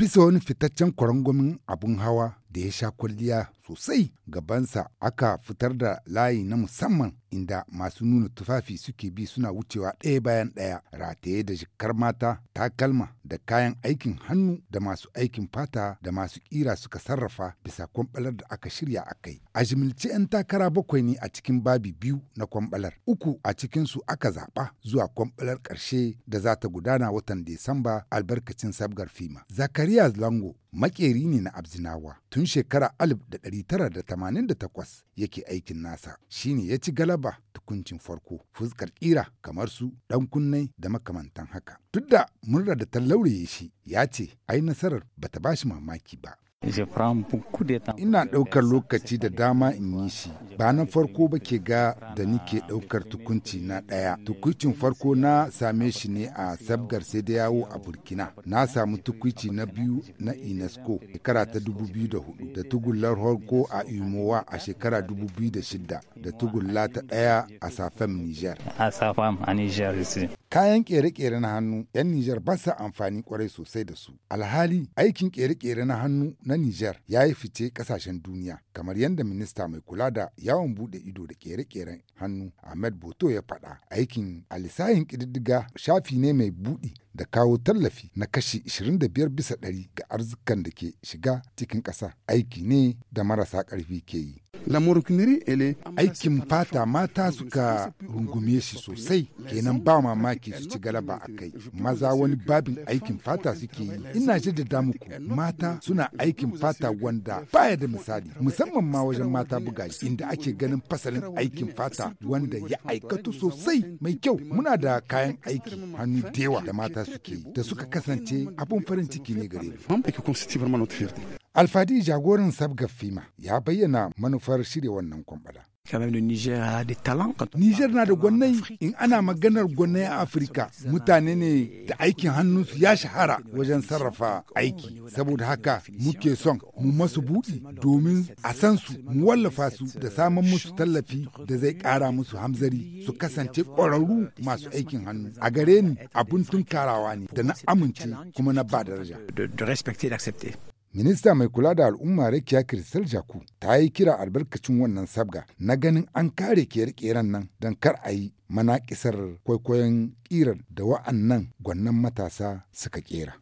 fisa wani fitaccen kwarangwamin abun hawa da ya sha kwalliya sosai gabansa aka fitar da layi na musamman inda masu nuna tufafi suke bi suna wucewa ɗaya bayan ɗaya rataye da jikar mata takalma da kayan aikin hannu da masu aikin fata da masu kira suka sarrafa bisa kwamɓalar da aka shirya a kai. A jimilce 'yan takara bakwai ne a cikin babi biyu na kwamɓalar. Uku a cikin su aka zaɓa zuwa kwamɓalar ƙarshe da za ta gudana watan Desamba albarkacin sabgar fima. Zakariya Lango makeri ne na Abzinawa tun shekara 1988 yake aikin nasa shine ya ci galaba tukuncin farko fuskar kira kamar su ɗan kunnai da makamantan haka. Duk da murna da tallau ɗaure shi ya ce ai nasarar ba bata bashi mamaki ba. Ina ɗaukar lokaci da dama in yi shi, ba na farko ba ke ga da nike ɗaukar tukunci na ɗaya. Tukuncin farko na same shi ne a sabgar sai da yawo a Burkina. Na samu tukunci na biyu na UNESCO shekara ta 2004 da tugullar harko a Imowa a shekara 2006 da tugulla ta ɗaya a Safam Niger. A Safam a Niger kayan ƙere-ƙere na hannu 'yan Nijar ba sa amfani kwarai sosai da su. Alhali aikin ƙere-ƙere na hannu na Nijar ya yi fice ƙasashen duniya, kamar yadda minista mai kula da yawon buɗe ido da ƙere-ƙeren hannu Ahmed Boto ya faɗa. Aikin alisayin ƙididdiga shafi ne mai buɗi da kawo tallafi na kashi 25 bisa 100 ga arzikan da ke shiga cikin ƙasa. Aiki ne da marasa ƙarfi ke yi. lamurkiniri ele aikin fata mata suka rungume shi sosai kenan ba mamaki su ci galaba a kai maza wani babin aikin fata suke yi ina jaddada muku mata suna aikin fata wanda baya da misali musamman ma wajen mata buga inda ake ganin fasalin aikin fata wanda ya aikatu sosai mai kyau muna da kayan aiki hannu da da mata suke yi da suka kasance abin farin ciki ne gare mu Alfadi jagoran sabgar fima ya bayyana manufar shirya wannan kwambala. Nijar na da gwanai in ana maganar gwanai a Afirka mutane ne da aikin hannunsu ya shahara wajen sarrafa aiki saboda haka muke son mu masu buɗi domin a san su mu wallafa su da samun musu tallafi da zai ƙara musu hamzari su kasance ƙwararru masu aikin hannu a gare ni abun tunkarawa ne da na amince kuma na ba daraja. Minista mai kula da al'umma Rakiya Kiristal Jaku ta yi kira albarkacin wannan sabga na ganin an kare kere-keren nan don kar a yi manaƙisar kwaikwayon ƙirar da wa'annan gwannan matasa suka ƙera.